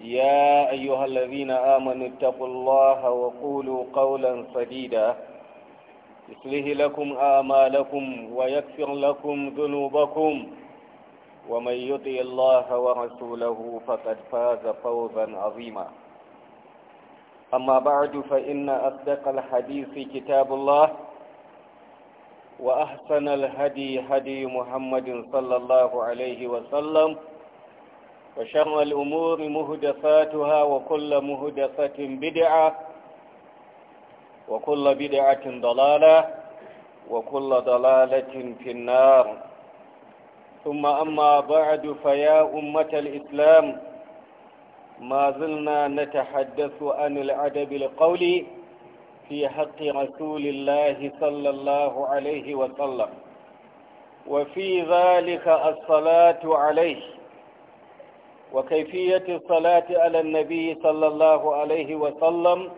يا أيها الذين آمنوا اتقوا الله وقولوا قولا سديدا يصلح لكم آمالكم ويكفر لكم ذنوبكم ومن يطع الله ورسوله فقد فاز فوزا عظيما أما بعد فإن أصدق الحديث كتاب الله وأحسن الهدي هدي محمد صلى الله عليه وسلم وشر الأمور مهدفاتها وكل مهدفة بدعة وكل بدعة ضلالة وكل ضلالة في النار ثم أما بعد فيا أمة الإسلام ما زلنا نتحدث عن العدب القولي في حق رسول الله صلى الله عليه وسلم وفي ذلك الصلاة عليه وكيفية الصلاة على النبي صلى الله عليه وسلم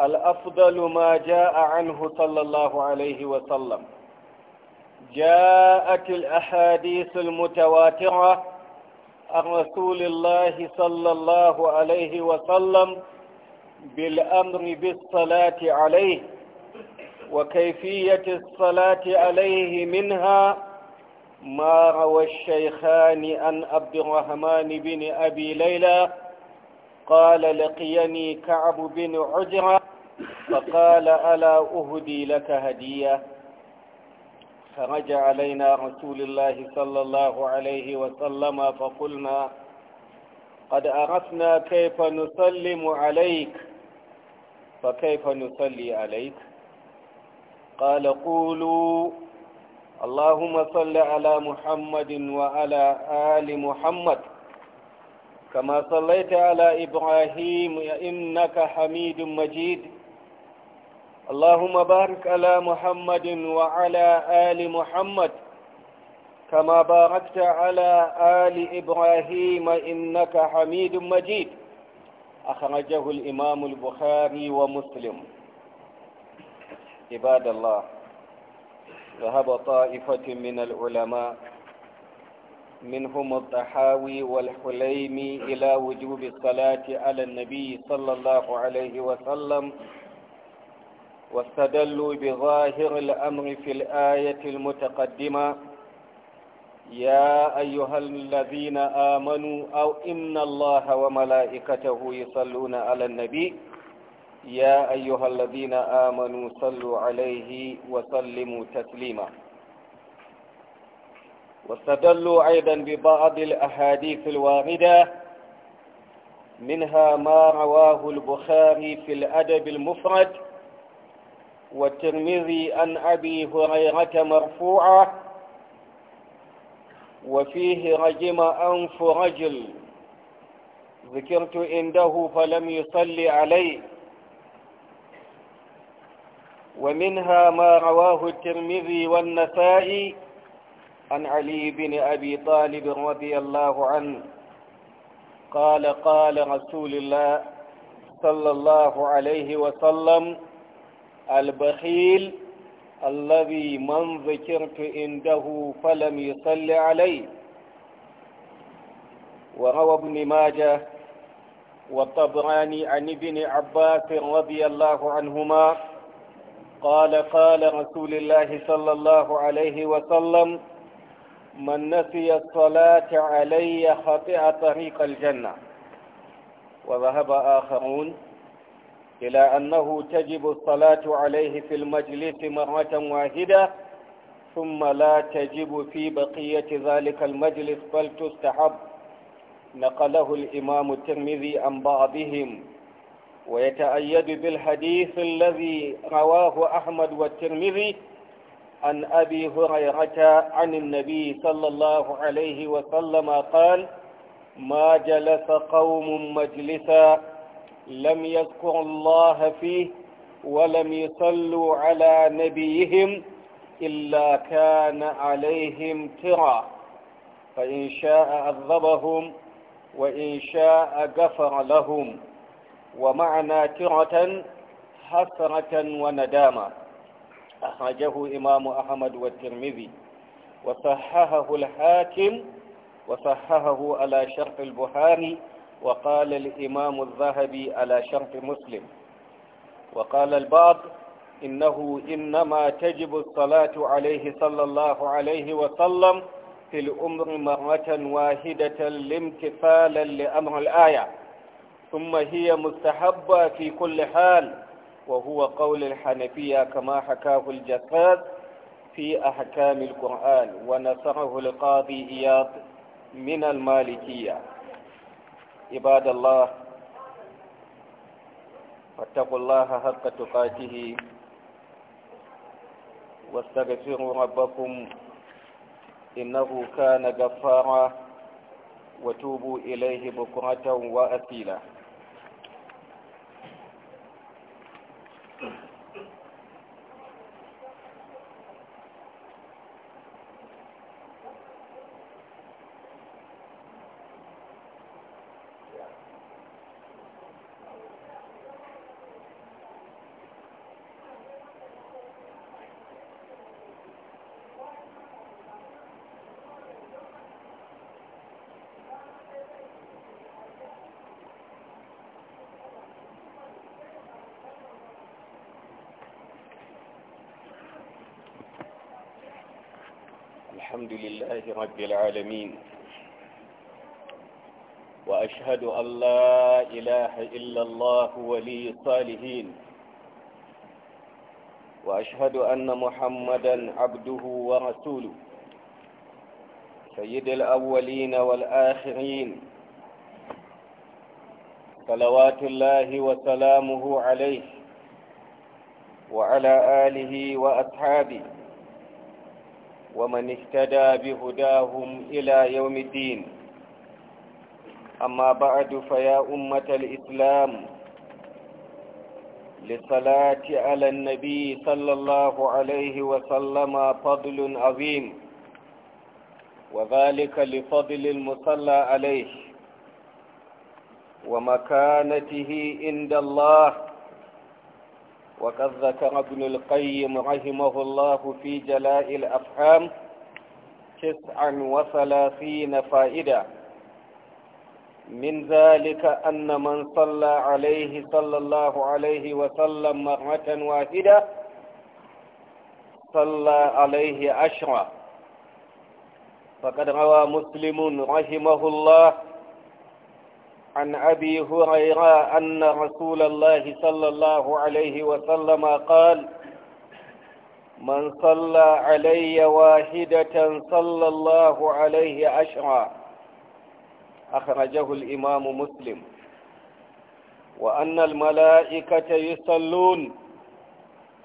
الأفضل ما جاء عنه صلى الله عليه وسلم جاءت الأحاديث المتواترة عن رسول الله صلى الله عليه وسلم بالأمر بالصلاة عليه وكيفية الصلاة عليه منها ما روى الشيخان عن عبد الرحمن بن أبي ليلى قال لقيني كعب بن عجرة فقال ألا أهدي لك هدية خرج علينا رسول الله صلى الله عليه وسلم فقلنا قد عرفنا كيف نسلم عليك فكيف نصلي عليك قال قولوا اللهم صل على محمد وعلى آل محمد كما صليت على إبراهيم إنك حميد مجيد اللهم بارك على محمد وعلى آل محمد كما باركت على آل إبراهيم إنك حميد مجيد أخرجه الإمام البخاري ومسلم عباد الله ذهب طائفة من العلماء منهم الطحاوي والحليمي إلى وجوب الصلاة على النبي صلى الله عليه وسلم واستدلوا بظاهر الأمر في الآية المتقدمة يا أيها الذين آمنوا أو إن الله وملائكته يصلون على النبي يا أيها الذين آمنوا صلوا عليه وسلموا تسليما واستدلوا أيضا ببعض الأحاديث الواردة منها ما رواه البخاري في الأدب المفرد والترمذي عن أبي هريرة مرفوعة وفيه رجم أنف رجل ذكرت عنده فلم يصلي عليه ومنها ما رواه الترمذي والنسائي عن علي بن أبي طالب رضي الله عنه قال قال رسول الله صلى الله عليه وسلم البخيل الذي من ذكرت عنده فلم يصل عليه وروى ابن ماجه والطبراني عن ابن عباس رضي الله عنهما قال قال رسول الله صلى الله عليه وسلم من نسي الصلاة علي خطئ طريق الجنة وذهب آخرون إلى أنه تجب الصلاة عليه في المجلس مرة واحدة ثم لا تجب في بقية ذلك المجلس بل تستحب نقله الإمام الترمذي عن بعضهم ويتأيد بالحديث الذي رواه أحمد والترمذي عن أبي هريرة عن النبي صلى الله عليه وسلم قال ما جلس قوم مجلسا لم يذكروا الله فيه ولم يصلوا على نبيهم إلا كان عليهم ترى فإن شاء عذبهم وإن شاء غفر لهم ومعنى ترة حسرة وندامة أخرجه إمام أحمد والترمذي وصححه الحاكم وصححه على شرح البخاري وقال الإمام الذهبي على شرح مسلم وقال البعض إنه إنما تجب الصلاة عليه صلى الله عليه وسلم في الأمر مرة واحدة لامتثالا لأمر الآية ثم هي مستحبة في كل حال وهو قول الحنفية كما حكاه الجساد في أحكام القرآن ونصره القاضي إياد من المالكية عباد الله فاتقوا الله حق تقاته واستغفروا ربكم إنه كان غفارا وتوبوا إليه بكرة وأسيلا الحمد لله رب العالمين وأشهد أن لا إله إلا الله ولي الصالحين وأشهد أن محمدا عبده ورسوله سيد الأولين والآخرين صلوات الله وسلامه عليه وعلى آله وأصحابه ومن اهتدى بهداهم إلى يوم الدين أما بعد فيا أمة الإسلام للصلاة على النبي صلى الله عليه وسلم فضل عظيم وذلك لفضل المصلى عليه ومكانته عند الله وقد ذكر ابن القيم رحمه الله في جلاء الأفهام تسعا وثلاثين فائدة من ذلك أن من صلى عليه صلى الله عليه وسلم مرة واحدة صلى عليه عشرة فقد روى مسلم رحمه الله عن أبي هريرة أن رسول الله صلى الله عليه وسلم قال من صلى علي واحدة صلى الله عليه عشرا أخرجه الإمام مسلم وأن الملائكة يصلون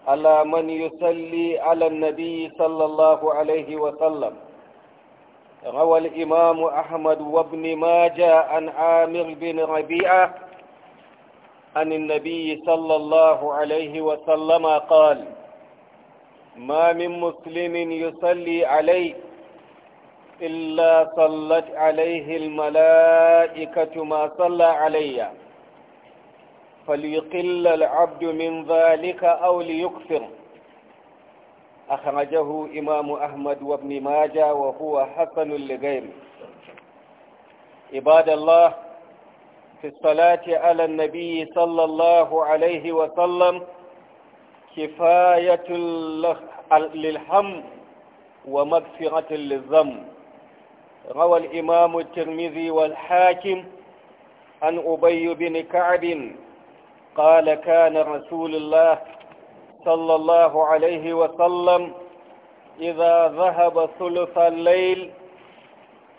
على من يصلي على النبي صلى الله عليه وسلم روى الإمام أحمد وابن ماجة عن عامر بن ربيعة عن النبي صلى الله عليه وسلم قال ما من مسلم يصلي عليه إلا صلت عليه الملائكة ما صلى علي فليقل العبد من ذلك أو ليكفر أخرجه إمام أحمد وابن ماجة وهو حسن لغير عباد الله في الصلاة على النبي صلى الله عليه وسلم كفاية للحم ومغفرة للذم روى الإمام الترمذي والحاكم عن أبي بن كعب قال كان رسول الله صلى الله عليه وسلم إذا ذهب ثلث الليل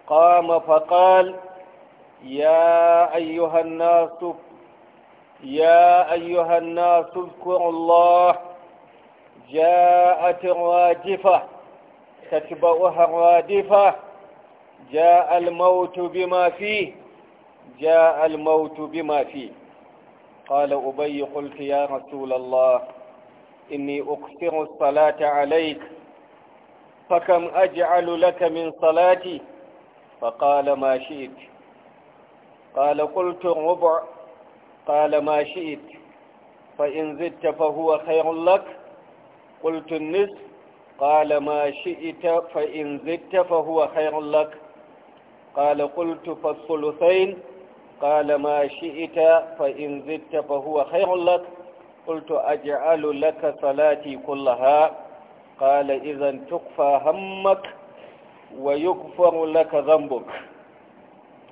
قام فقال يا أيها الناس يا أيها الناس اذكروا الله جاءت الراجفة تتبعها الرادفة جاء الموت بما فيه جاء الموت بما فيه قال أبي قلت يا رسول الله إني أقصر الصلاة عليك فكم أجعل لك من صلاتي فقال ما شئت قال قلت ربع قال ما شئت فإن زدت فهو خير لك قلت النصف قال ما شئت فإن زدت فهو خير لك قال قلت فالثلثين قال ما شئت فإن زدت فهو خير لك قلت أجعل لك صلاتي كلها قال إذا تكفى همك ويغفر لك ذنبك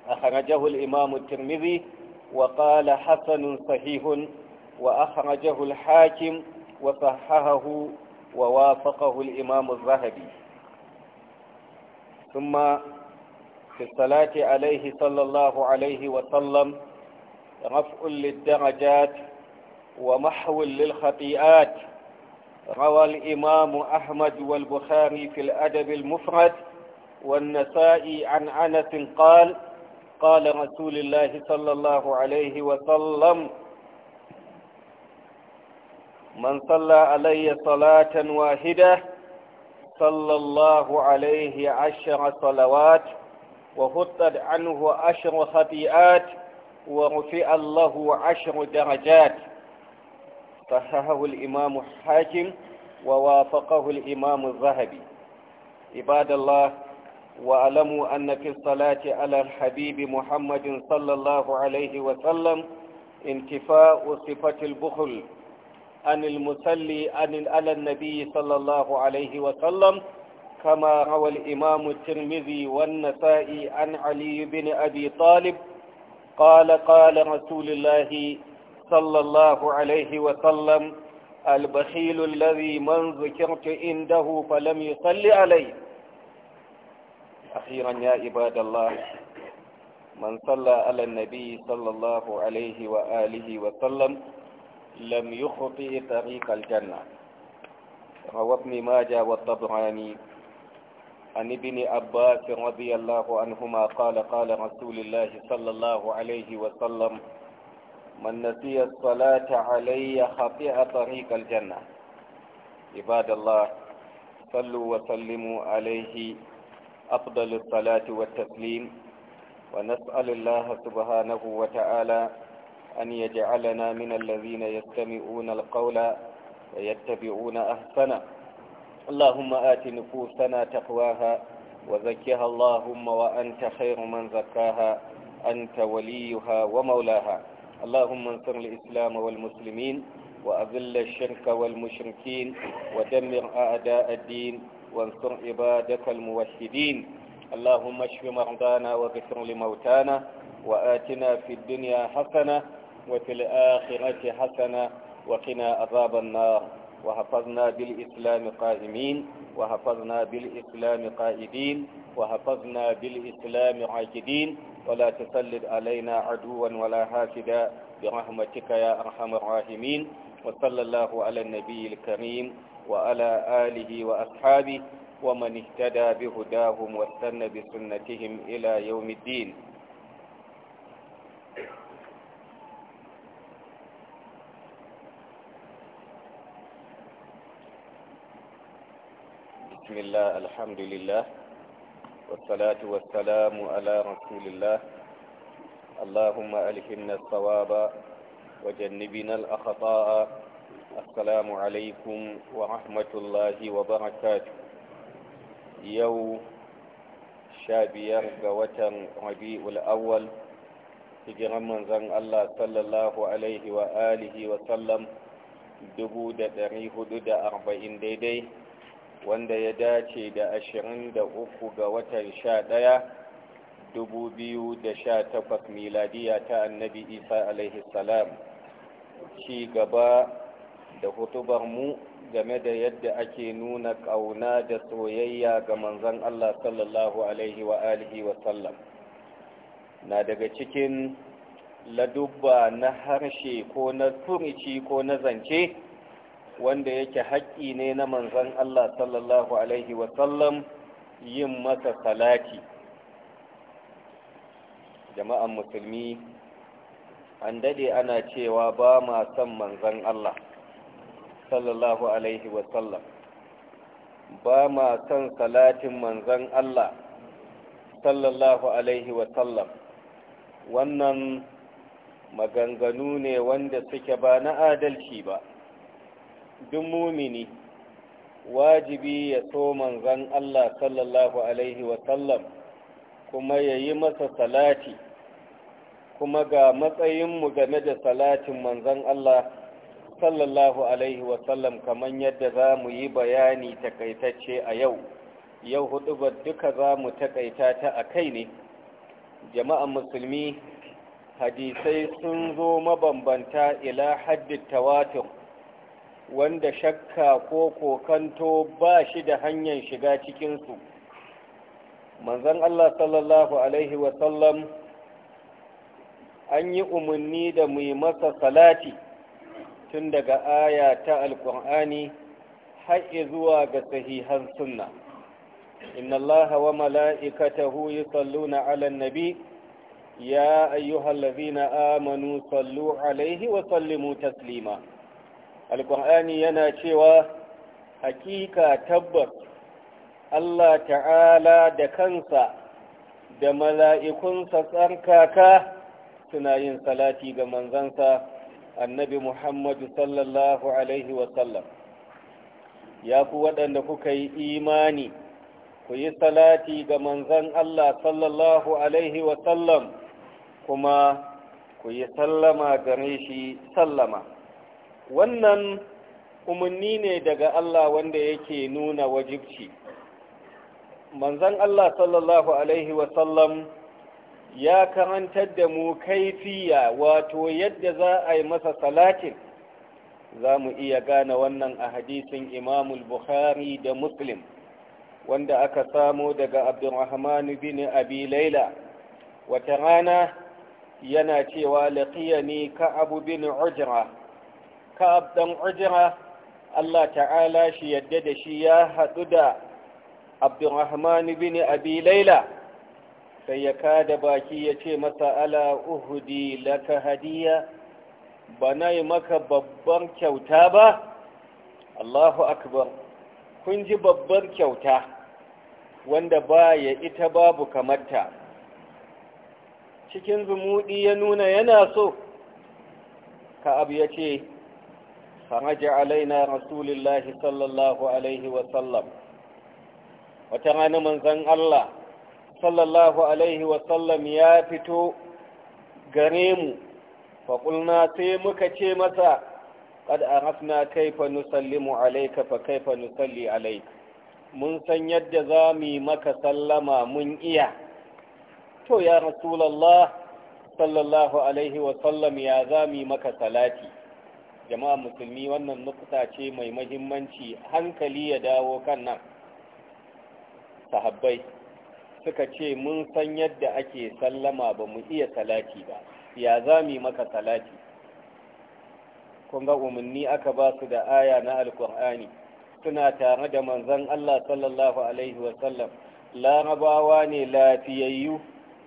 أخرجه الإمام الترمذي وقال حسن صحيح وأخرجه الحاكم وصححه ووافقه الإمام الذهبي ثم في الصلاة عليه صلى الله عليه وسلم رفع للدرجات ومحو للخطيئات روى الإمام أحمد والبخاري في الأدب المفرد والنسائي عن أنس قال قال رسول الله صلى الله عليه وسلم من صلى علي صلاة واحدة صلى الله عليه عشر صلوات وهطت عنه عشر خطيئات ورفئ الله عشر درجات صححه الإمام الحاكم ووافقه الإمام الذهبي عباد الله واعلموا أن في الصلاة على الحبيب محمد صلى الله عليه وسلم انتفاء صفة البخل عن المسلي عن على النبي صلى الله عليه وسلم كما روى الإمام الترمذي والنسائي عن علي بن أبي طالب قال قال رسول الله صلى الله عليه وسلم البخيل الذي من ذكرت عنده فلم يصل عليه أخيرا يا عباد الله من صلى على النبي صلى الله عليه وآله وسلم لم يخطئ طريق الجنة روى ابن ماجه والطبراني عن ابن عباس رضي الله عنهما قال قال رسول الله صلى الله عليه وسلم من نسي الصلاة علي خطئ طريق الجنة عباد الله صلوا وسلموا عليه أفضل الصلاة والتسليم ونسأل الله سبحانه وتعالى أن يجعلنا من الذين يستمعون القول ويتبعون أحسن اللهم آت نفوسنا تقواها وزكها اللهم وأنت خير من زكاها أنت وليها ومولاها اللهم انصر الإسلام والمسلمين وأذل الشرك والمشركين ودمر أعداء الدين وانصر عبادك الموحدين اللهم اشف مرضانا واغفر لموتانا وآتنا في الدنيا حسنة وفي الآخرة حسنة وقنا عذاب النار وحفظنا بالإسلام قائمين وحفظنا بالإسلام قائدين وحفظنا بالإسلام عاجدين ولا تسلد علينا عدوا ولا حاسدا برحمتك يا أرحم الراحمين وصلى الله على النبي الكريم وعلى آله وأصحابه ومن اهتدى بهداهم واستنى بسنتهم إلى يوم الدين بسم الله الحمد لله والصلاة والسلام على رسول الله اللهم ألهمنا الصواب وجنبنا الأخطاء السلام عليكم ورحمة الله وبركاته يوم شابير قوتن ربيع الأول hijiran manzan Allah sallallahu Alaihi wa alihi wa sallam dubu da ɗari hudu da arba'in daidai wanda ya dace da ashirin da uku ga watan sha ɗaya dubu biyu da sha takwas miladiya ta annabi isa alaihi salam ci gaba da hutubar mu game da yadda ake nuna ƙauna da soyayya ga manzan Allah sallallahu alaihi wa alihi wa na daga cikin ladubba na harshe ko na turici ko na zance wanda yake haƙƙi ne na manzan Allah sallallahu alaihi wasallam yin masa salati jama'an musulmi an dade ana cewa ba ma son manzan Allah sallallahu alaihi wasallam ba ma son salatin manzan Allah sallallahu alaihi wasallam wannan maganganu ne wanda suke ba na adalci ba duk mumini wajibi ya so manzan Allah sallallahu alaihi wasallam kuma ya yi masa salati kuma ga matsayinmu game da salatin manzan Allah sallallahu alaihi wasallam kamar yadda za mu yi bayani takaitacce a yau yau hudu ba duka za mu takaita ta a kai ne jama'an musulmi hadisai sun zo mabambanta ila haddin tawatur wanda shakka ko kokanto ba shi da hanyar shiga cikinsu manzon Allah sallallahu Alaihi wasallam an yi umarni da mu masa salati tun daga aya ta alƙur'ani har zuwa ga sahihan sunna inna allaha wa mala'ikatahu yusalluna 'alan nabi ya ayyuhallazina amanu sallu 'alaihi wa sallimu taslima alkur'ani yana cewa hakika tabbas Allah ta'ala da kansa da mala'ikunsa tsarkaka suna yin salati ga manzansa annabi Muhammadu sallallahu Alaihi wasallam ya ku waɗanda kuka yi imani ku yi salati ga manzan Allah sallallahu Alaihi wasallam kuma ku yi sallama gare shi sallama wannan umarni ne daga Allah wanda yake nuna wajibci manzan Allah sallallahu alaihi wasallam ya karantar da mu kaifiya wato yadda za a yi masa salatin za mu iya gane wannan a hadisin imamul bukhari da muslim wanda aka samo daga abdurrahman bin abi laila wata rana yana cewa laqiyani ka abu bin ujra ka'ab dan ujra Allah ta'ala shi yadda da shi ya haɗu da Abdurrahman bin Abi Laila sai ya kada baki ya ce masa ala uhudi laka hadiya Bana maka babbar kyauta ba Allahu akbar kun ji babbar kyauta wanda ba ya ita babu kamarta cikin zumudi ya nuna yana so ka'ab ya ce خرج علينا رسول الله صلى الله عليه وسلم وترانا من زن الله صلى الله عليه وسلم يا فتو غريم فقلنا سيمك مسا قد عرفنا كيف نسلم عليك فكيف نصلي عليك mun san yadda za mu yi maka sallama mun iya to ya rasulallah sallallahu alaihi wasallam ya za mu yi maka salati jama'a musulmi wannan nukta ce mai mahimmanci hankali ya dawo kan nan sahabbai suka ce mun san yadda ake sallama ba mu iya salati ba ya za mu maka salati kun ga umarni aka ba su da aya na alkur'ani suna tare da manzon Allah sallallahu alaihi wasallam larabawa ne lafiyayyu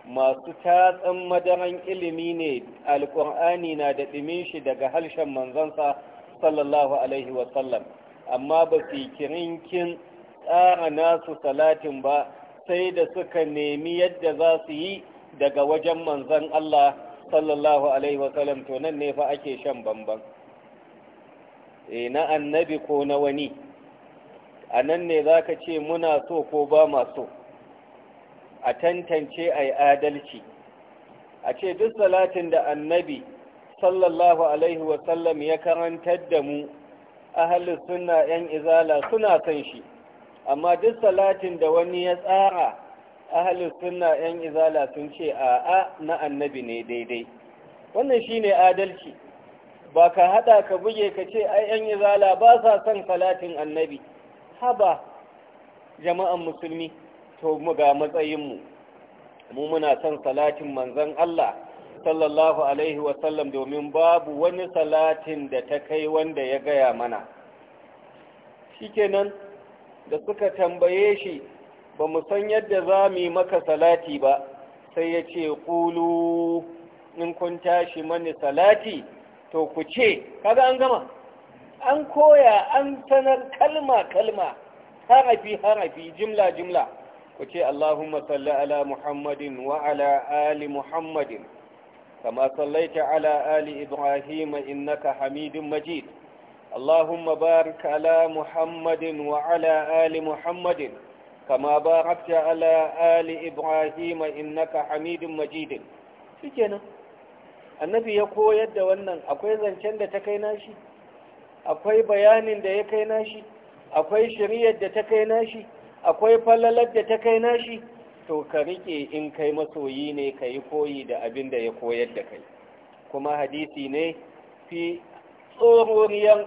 masu tatsan madaran ilimi ne alƙur'ani na da ɗimin shi daga harshen manzansa sallallahu alaihi wasallam amma ba su kirinkin tsara nasu salatin ba sai da suka nemi yadda za su yi daga wajen manzan Allah sallallahu alaihi wasallam to nan ne fa ake shan bamban e na annabi ko na wani a nan ne za ka ce muna so ko ba ma so a tantance a yi adalci a ce duk salatin da annabi sallallahu alaihi wasallam ya karantar da mu ahalin suna 'yan izala suna son shi amma duk salatin da wani ya tsara ahalin suna 'yan izala sun ce a'a na annabi ne daidai wannan shi ne adalci ba ka haɗa ka buge ka ce a 'yan izala ba sa son salatin annabi haba jama'an musulmi to mu ga matsayinmu mu muna son salatin manzon Allah sallallahu alaihi wasallam domin babu wani salatin da ta kai wanda ya gaya mana shikenan da suka tambaye shi ba mu san yadda za mu yi maka salati ba sai ya ce ƙulu in kun tashi mani salati to ku ce kaga an gama an koya an sanar kalma-kalma harafi-harafi jimla-jimla ku ce Allahumma salli ala Muhammadin wa ala ali Muhammadin kama sallaita ala ali Ibrahim innaka Majid اللهم بارك على محمد وعلى آل محمد كما باركت على آل إبراهيم إنك حميد مجيد shikenan annabi ya koyar da wannan akwai zancen da ta kai nashi akwai bayanin da ya kai nashi akwai shiriyar da ta kai nashi akwai falalar da ta kai nashi to ka rike in kai masoyi ne ka yi koyi da abin da ya koyar da kai kuma hadisi ne fi tsororiyar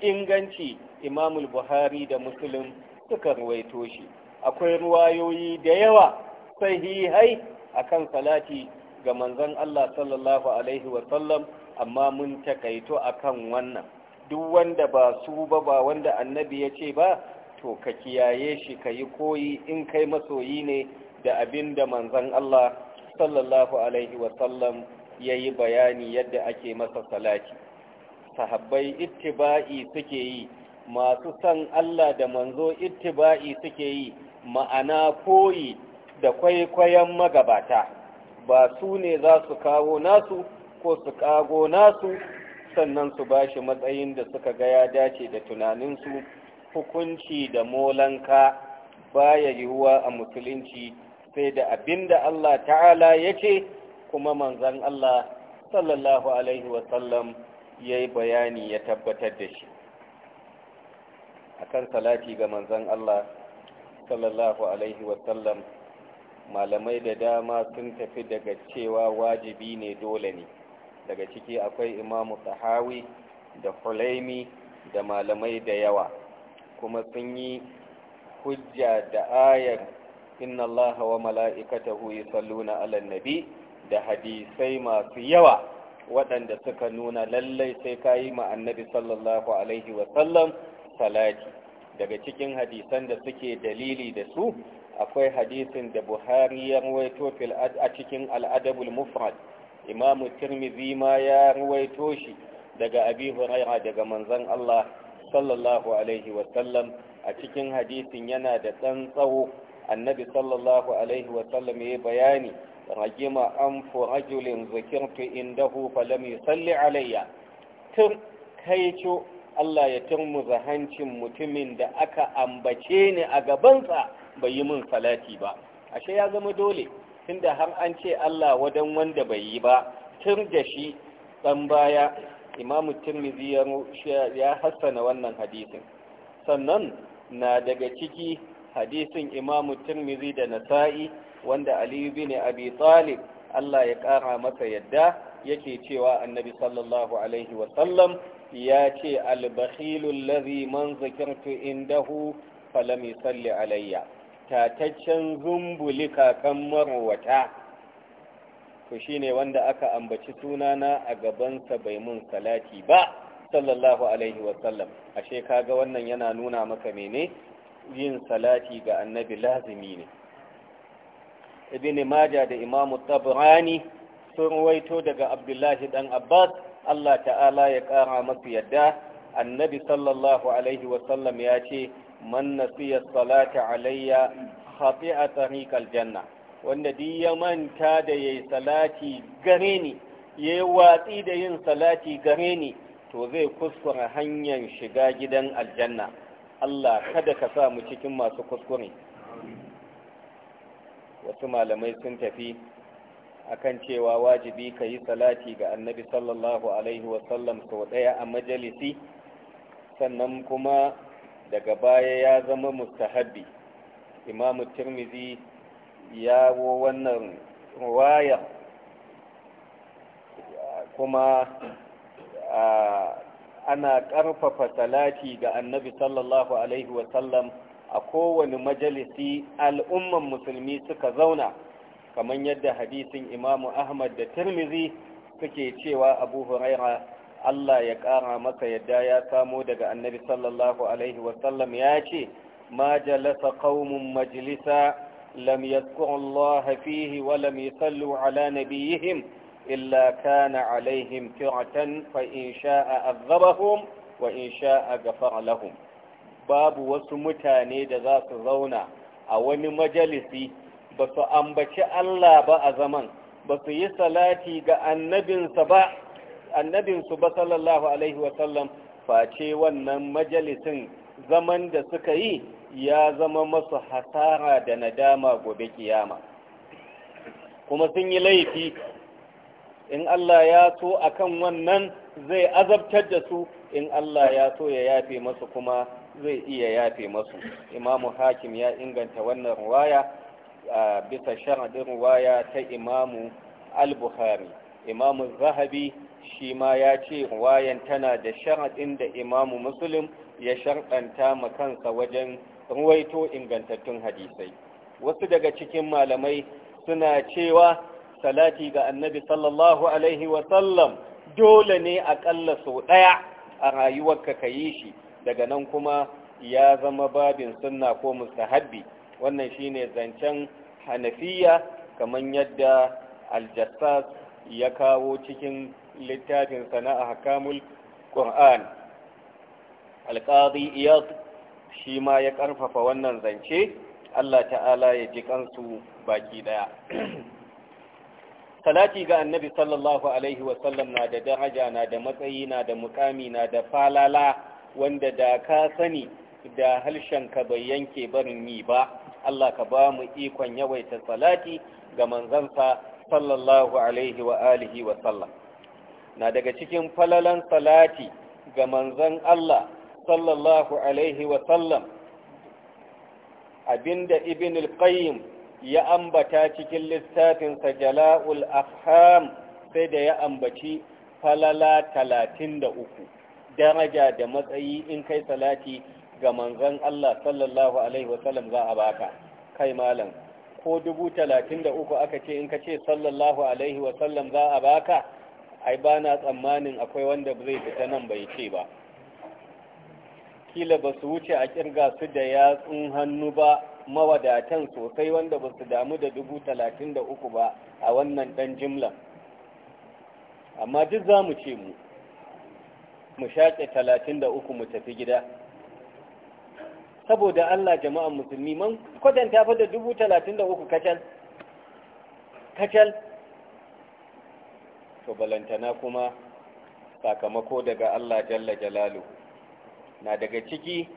inganci imamul buhari da musulun suka ruwaito shi akwai ruwayoyi da yawa sahihai akan salati ga manzon Allah sallallahu alaihi wasallam amma mun takaito akan wannan duk wanda ba su ba ba wanda annabi ya ce ba to ka kiyaye shi ka yi koyi in kai masoyi ne da abin da manzan Allah sallallahu alaihi wasallam ya yi bayani yadda ake masa salati sahabbai ittiba'i suke yi masu san Allah da manzo ittiba'i suke yi ma'ana koyi da kwaikwayon magabata ba su ne za su kawo nasu ko su kago nasu sannan su ba shi matsayin da suka ga ya dace da tunaninsu hukunci da molanka baya yiwuwa a musulunci sai da abinda Allah ta'ala ya ce kuma manzan Allah sallallahu alaihi wasallam ya yi bayani ya tabbatar da shi A kan salati ga manzan Allah sallallahu alaihi wasallam malamai da dama sun tafi daga cewa wajibi ne dole ne daga ciki akwai imamu sahawi da fulaimi da malamai da yawa kuma sun yi hujja da ayar inna Allah wa mala'ikatahu yusalluna 'alan nabi da hadisai masu yawa waɗanda suka nuna lallai sai kayi ma annabi sallallahu alaihi wa sallam salati daga cikin hadisan da suke dalili da su akwai hadisin da Buhari ya ruwaito fil a cikin al'adabul mufrad imamu tirmidhi ma ya ruwaito shi daga abi huraira daga manzon Allah sallallahu alaihi wasallam a cikin hadisin yana da ɗan tsawo annabi sallallahu alaihi wasallam ya bayani ragima an rajulin zikirtu indahu falam yusalli alayya tun kaico Allah ya turmuza hancin mutumin da aka ambace ni a gabansa bai yi min salati ba ashe ya zama dole tunda har an ce Allah wadan wanda bai yi ba tun da shi dan baya imamu tirmizi ya hassana wannan hadisin sannan na daga ciki hadisin imamu tirmizi da nasa'i wanda aliyu bin abi talib Allah ya ƙara masa yadda yake cewa annabi sallallahu alaihi ya ce albakhilul ladhi man zakartu indahu falam yusalli alayya tataccen zumbuli kakan marwata to shine wanda aka ambaci sunana a gabansa bai mun salati ba sallallahu alaihi wasallam ashe kaga wannan yana nuna maka mene yin salati ga annabi lazimi ne ibn majah da imamu tabrani sun ruwaito daga abdullahi dan abbas Allah ta'ala ya kara masa yadda annabi sallallahu alaihi wasallam ya ce man nasiya salata alayya khati'a tariqal janna wanda duk ya manta da yayi salati gare ni yayi watsi da yin salati gare ni to zai kuskura hanyar shiga gidan aljanna Allah kada ka sa mu cikin masu kuskure wasu malamai sun tafi akan cewa wajibi ka yi salati ga annabi sallallahu alaihi wasallam sau ɗaya a majalisi sannan kuma daga baya ya zama mustahabbi imamu tirmizi ya wannan ruwayar kuma ana ƙarfafa salati ga annabi sallallahu alaihi wasallam a kowane majalisi al'umman musulmi suka zauna kamar yadda hadisin imamu ahmad da tirmizi suke cewa abu huraira allah ya ƙara masa yadda ya samo daga annabi sallallahu alaihi wasallam ya ce majalisa jalasa majalisa. لم يذكروا الله فيه ولم يصلوا على نبيهم إلا كان عليهم كرة فإن شاء أذبهم وإن شاء غفر لهم باب وسمتاني ذات زونا أو من مجلسي بس أنبش الله بأ زمن بس يسلاتي النبي سبا النبي سبا صلى الله عليه وسلم face wannan majalisin zaman da suka yi ya zama masu hasara da nadama gobe kiyama kuma sun yi laifi in Allah ya so akan wannan zai azabtar da su in Allah ya so ya yafe masu kuma zai iya yafe masu imamu hakim ya inganta wannan ruwaya a bisa sharadin ruwaya ta imamu al-bukhari imamu zahabi shi ma ya ce ruwayan tana da sharadin da imamu muslim ya sharɗanta kansa wajen ruwaito ingantattun hadisai wasu daga cikin malamai suna cewa salati ga annabi sallallahu alaihi wasallam dole ne a aƙalla sau ɗaya a rayuwarka ka yi shi daga nan kuma ya zama babin sunna ko mustahabbi wannan shine zancen hanafiya kamar yadda aljassas ya kawo cikin littafin sana'a hakamul ƙur'an alƙadi iyad shi ma ya ƙarfafa wannan zance Allah ta'ala ya ji kansu baki ɗaya salati ga annabi sallallahu alaihi wasallam na da daraja na da matsayi na da mukami na da falala wanda da ka sani da ka bai yanke barin yi ba Allah ka ba mu ikon yawaita salati ga manzansa sallallahu alaihi wa alihi wa sallam na daga cikin falalan salati ga manzan Allah sallallahu alaihi wasallam abinda ibn al-qayyim ya ambata cikin sa jala'ul afham sai da ya ambaci falala talatin da uku daraja da matsayi in kai salati ga manzon Allah sallallahu alaihi wasallam za a baka kai malam ko dubu talatin da uku aka ce in ka ce sallallahu alaihi wasallam za a baka ai ba na tsammanin akwai wanda zai fita nan bai ce ba kila ba su wuce a kirga su da yatsun hannu ba mawadatan sosai wanda ba su damu da dubu talatin da uku ba a wannan ɗan jimla amma duk za mu ce mu mu shaƙe talatin da uku mu tafi gida saboda Allah jama'an musulmi man kwatanta fa da dubu talatin da uku kacal kacal to balantana kuma sakamako daga Allah jalla jalaluhu na daga ciki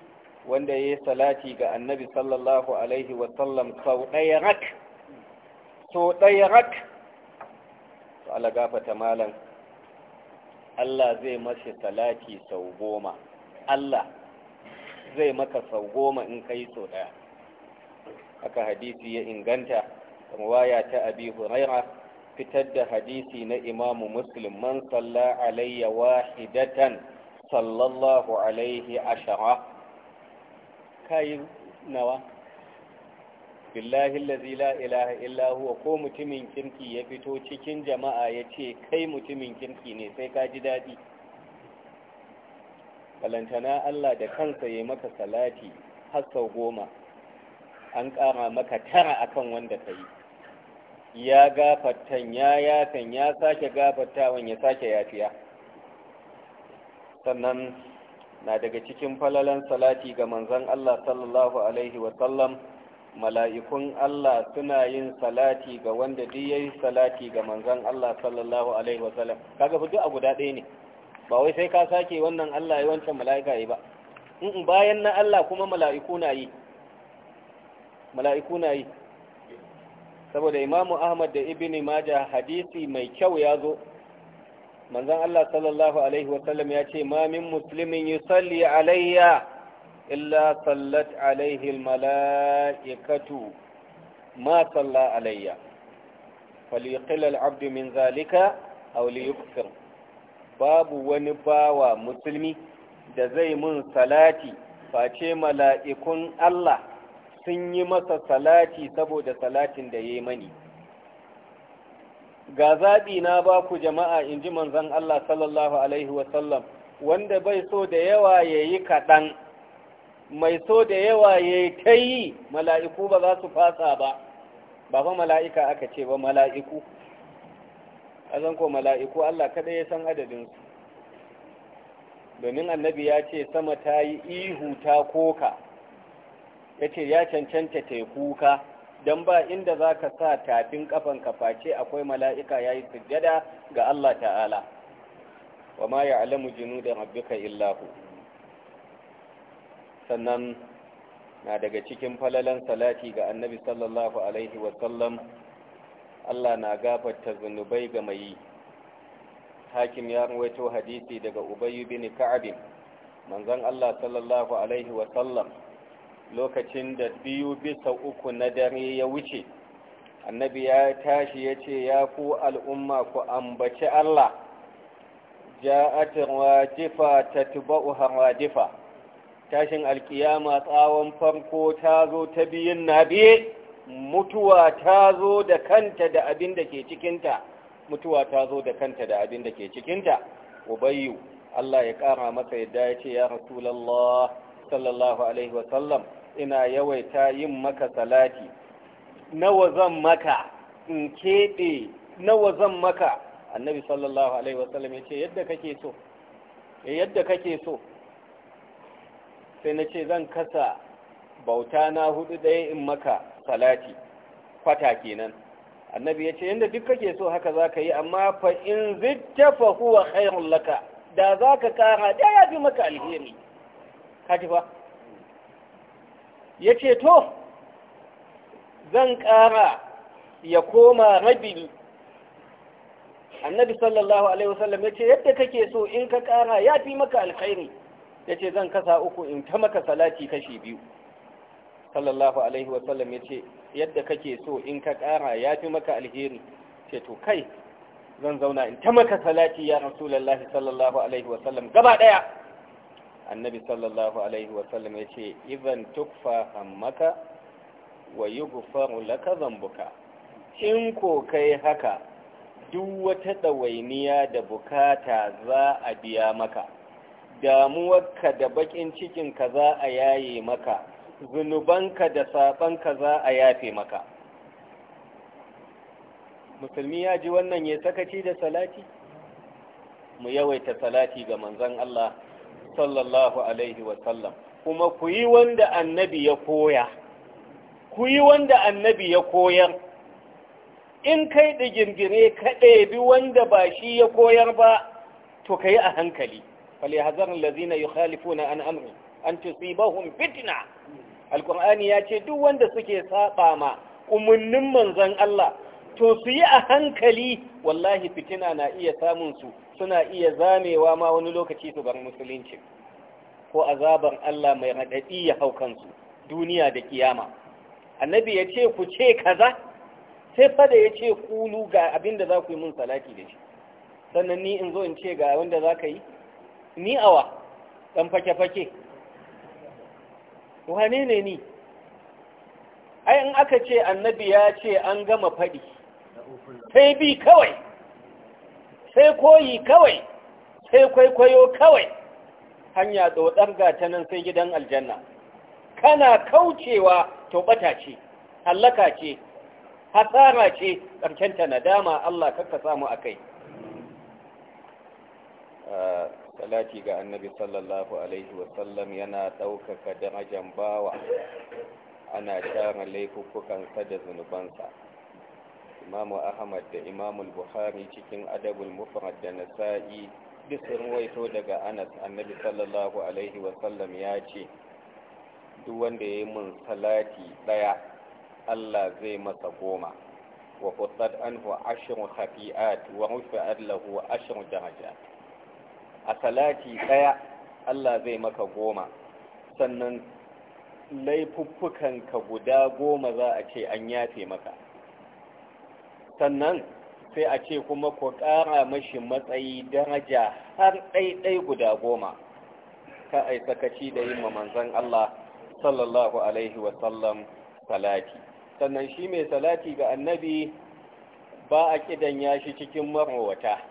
wanda ya yi salati ga annabi sallallahu alaihi wasallam sau ɗaya rak so ɗaya rak to ala gafata malam Allah zai mashi salati sau goma Allah zai maka sau goma in kai sau ɗaya haka hadisi ya inganta waya ta abi huraira fitar da hadisi na imamu muslim man salla alayya wahidatan sallallahu alaihi ashara kai nawa billahi allazi la ilaha illa huwa ko mutumin kirki ya fito cikin jama'a ya ce kai mutumin kirki ne sai ka ji daɗi balantana Allah da kansa ya maka salati har sau goma an ƙara maka tara akan wanda kai yi ya gafatan ya yafan ya sake gafatawan ya sake yafiya sannan na daga cikin falalan salati ga manzon Allah sallallahu alaihi wasallam mala'ikun Allah suna yin salati ga wanda duk yayi salati ga manzon Allah sallallahu alaihi wasallam kaga fa a guda ɗaya ne ba wai sai ka sake wannan Allah yi wancan mala'ika yi ba in bayan na Allah kuma mala'iku na yi mala'iku na yi saboda imamu Ahmad da ibn Majah hadisi mai kyau ya zo manzon Allah sallallahu alaihi sallam ya ce ma min muslimin yusalli alayya illa sallat alaihi almalaikatu ma salla alayya falyuqil alabdu min zalika aw liyukthir babu wani bawa musulmi da zai mun salati face mala'ikun Allah sun yi masa salati saboda salatin da yayi mani ga zaɓi na ba ku jama'a in ji manzan Allah sallallahu Alaihi wasallam wanda bai so da yawa ya yi kaɗan mai so da yawa ya yi ta yi mala'iku ba za su fasa ba ba fa mala'ika aka ce ba mala'iku azan ko mala'iku Allah kaɗai ya san adadinsu domin annabi ya ce sama ta yi ihu ta koka ya ce ya cancanta ta kuka don ba inda za ka sa tafin kafan kaface akwai mala'ika ya yi sujjada ga Allah ta'ala wa ma ya alamu jinu da rabbika illahu sannan na daga cikin falalan salati ga annabi sallallahu alaihi wasallam Allah na gafarta zunubai ga mai hakim ya ruwaito hadisi daga ubayyu bin ka'abin manzon Allah sallallahu alaihi wasallam lokacin da biyu bisa uku na dare ya wuce annabi ya tashi ya ce ya ku al'umma ku ambaci Allah ja'atin wajifa ta tuba'u haradifa tashin alkiyama tsawon farko ta zo ta biyun na biye mutuwa ta zo da kanta da abin da ke cikinta mutuwa ta zo da kanta da abin da ke cikinta ubayyu Allah ya ƙara masa yadda ya ce ya rasulallah sallallahu alaihi wasallam ina yawaita yin maka salati nawa zan maka in keɓe nawa zan maka annabi sallallahu alaihi wasallam ya ce yadda kake so eh, yadda kake so sai na ce zan kasa bauta na hudu ɗaya in maka salati kwata kenan annabi ya ce yadda duk kake so haka za ka yi amma fa in zitta fa huwa khairun laka da za ka kara da ya fi maka alheri kajiba ya ce to zan ƙara ya koma rabi annabi sallallahu alaihi wasallam ya ce yadda kake so in ka ƙara ya fi maka alkhairi ya ce zan kasa uku in ta maka salati kashi biyu sallallahu alaihi wasallam ya ce yadda kake so in ka ƙara ya fi maka alheri ce to kai zan zauna in ta maka salati ya rasulallah sallallahu alaihi wasallam gaba ɗaya annabi sallallahu alaihi wasallam ya ce izan tukfa hammaka wa yi gufaru laka zambuka in ko kai haka duk wata ɗawainiya da bukata za a biya maka damuwarka da bakin cikinka za a yaye maka zunubanka da sabanka za a yafe maka musulmi ya ji wannan ya sakaci da salati mu yawaita salati ga manzon Allah sallallahu alaihi wasallam kuma ku yi wanda annabi ya koya ku yi wanda annabi ya koyar in kai da girgire ka bi wanda ba shi ya koyar ba to ka yi a hankali fali hazarin lazina yi khalifuna an amri an tusibahum fitna alkur'ani ya ce duk wanda suke saba ma umarnin manzon Allah to su yi a hankali wallahi fitina na iya samun su suna iya zamewa ma wani lokaci su bar musulunci ko azabar Allah mai raɗaɗi ya hau kansu duniya da kiyama annabi ya ce ku ce kaza sai fada ya ce kulu ga abin da za ku yi mun salati da shi sannan ni in zo in ce ga wanda za ka yi ni awa ɗan fake-fake wane ne ni ai in aka ce annabi ya ce an gama faɗi sai bi kawai sai koyi kawai sai kwaikwayo kawai hanya tsotsar ta nan sai gidan aljanna kana kaucewa to tobata ce hallaka ce hasara ce ƙarshenta dama Allah kakka samu a kai salati ga annabi sallallahu alaihi wasallam yana ɗaukaka darajan bawa ana share laifukukansa da zunubansa imamu ahmad da imamu buhari cikin adabul mufrad da nasa'i duk sun waito daga anas annabi sallallahu alaihi wasallam ya ce duk wanda ya yi mun salati daya allah zai masa goma wa futsad anhu ashiru khafi'at wa rufi'at lahu ashiru darajat a salati daya allah zai maka goma sannan laifuffukanka guda goma za a ce an yafe maka sannan sai a ce kuma ku ƙara mashi matsayi daraja har ɗaiɗai guda goma ka a sakaci da yin manzan Allah sallallahu alaihi wasallam salati sannan shi mai salati ga annabi ba a kidan ya shi cikin marowata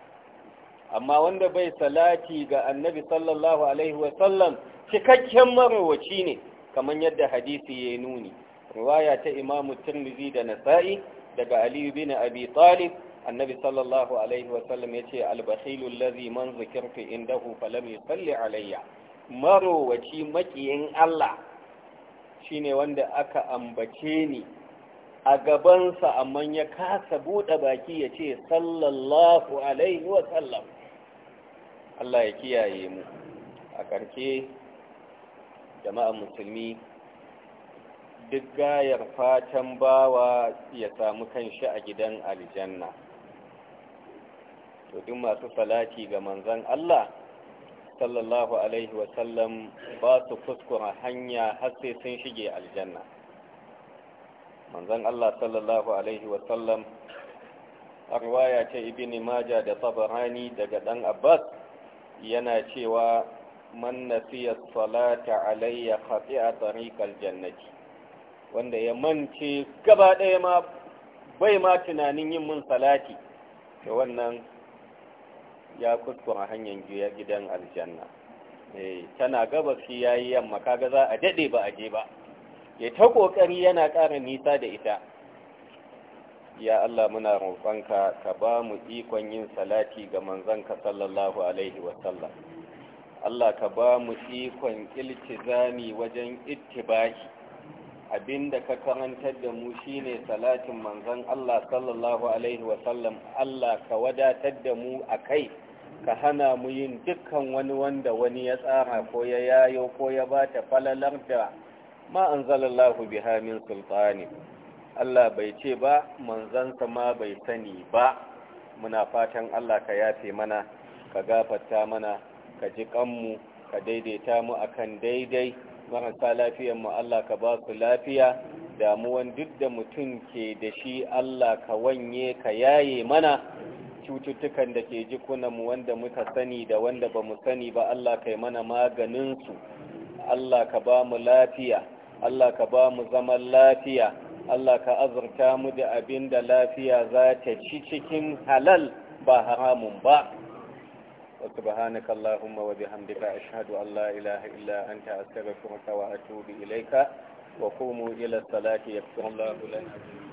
amma wanda bai salati ga annabi sallallahu alaihi wasallam cikakken marowaci ne kamar yadda hadisi ya nuni riwaya ta imamu tirmizi da nasa'i daga Aliyu bin Abi Talib annabi sallallahu alaihi wasallam ya ce albakhilul ladhi man zikirtu indahu falam yusalli alayya marowaci makiyin Allah shine wanda aka ambace ni a gabansa amma ya kasa buɗe baki ya ce sallallahu alaihi wasallam Allah ya kiyaye mu a karke jama'a musulmi duk gayar fatan bawa ya samu kanshi a gidan aljanna to duk masu salati ga manzon Allah sallallahu alaihi wasallam ba su kuskura hanya har sai sun shige aljanna manzon Allah sallallahu alaihi wasallam a ta ibini maja da tabarani daga dan abbas yana cewa man nasiya salata alayya khati'a tariqal jannati wanda ya mance gaba ɗaya ma bai ma tunanin yin mun salati da wannan ya kuskura hanyar gidan aljanna eh, tana gabas shi ya yi yamma kaga za a daɗe ba a je ba ya ta ƙoƙari yana ƙara nisa da ita ya Allah muna roƙonka ka ba mu ikon yin salati ga manzanka sallallahu alaihi wasallam Allah ka ba mu ikon iltizami wajen ittibahi Abin da ka karantar da mu shine salatin manzon Allah sallallahu alaihi wasallam Allah ka wadatar da mu a kai ka hana mu yin dukkan wani wanda wani ya tsara ko ya yayo ko ya bata falalar da ma anzalallahu biha min sultani Allah bai ce ba manzansa ma bai sani ba muna fatan Allah ka yafe mana ka gafata mana ka ji kanmu ka daidaita mu akan daidai marasa lafiyan mu Allah ka ba su lafiya damuwan duk da mutum ke da shi Allah ka wanye ka yaye mana cututtukan da ke jikunanmu wanda muka sani da wanda ba mu sani ba Allah kai mana maganinsu Allah ka ba mu lafiya Allah ka ba mu zaman lafiya Allah ka azurta mu da abin da lafiya za ta ci cikin halal ba haramun ba وسبحانك اللهم وبحمدك أشهد أن لا إله إلا أنت أستغفرك وأتوب إليك وقوموا إلى الصلاة يكفر الله لنا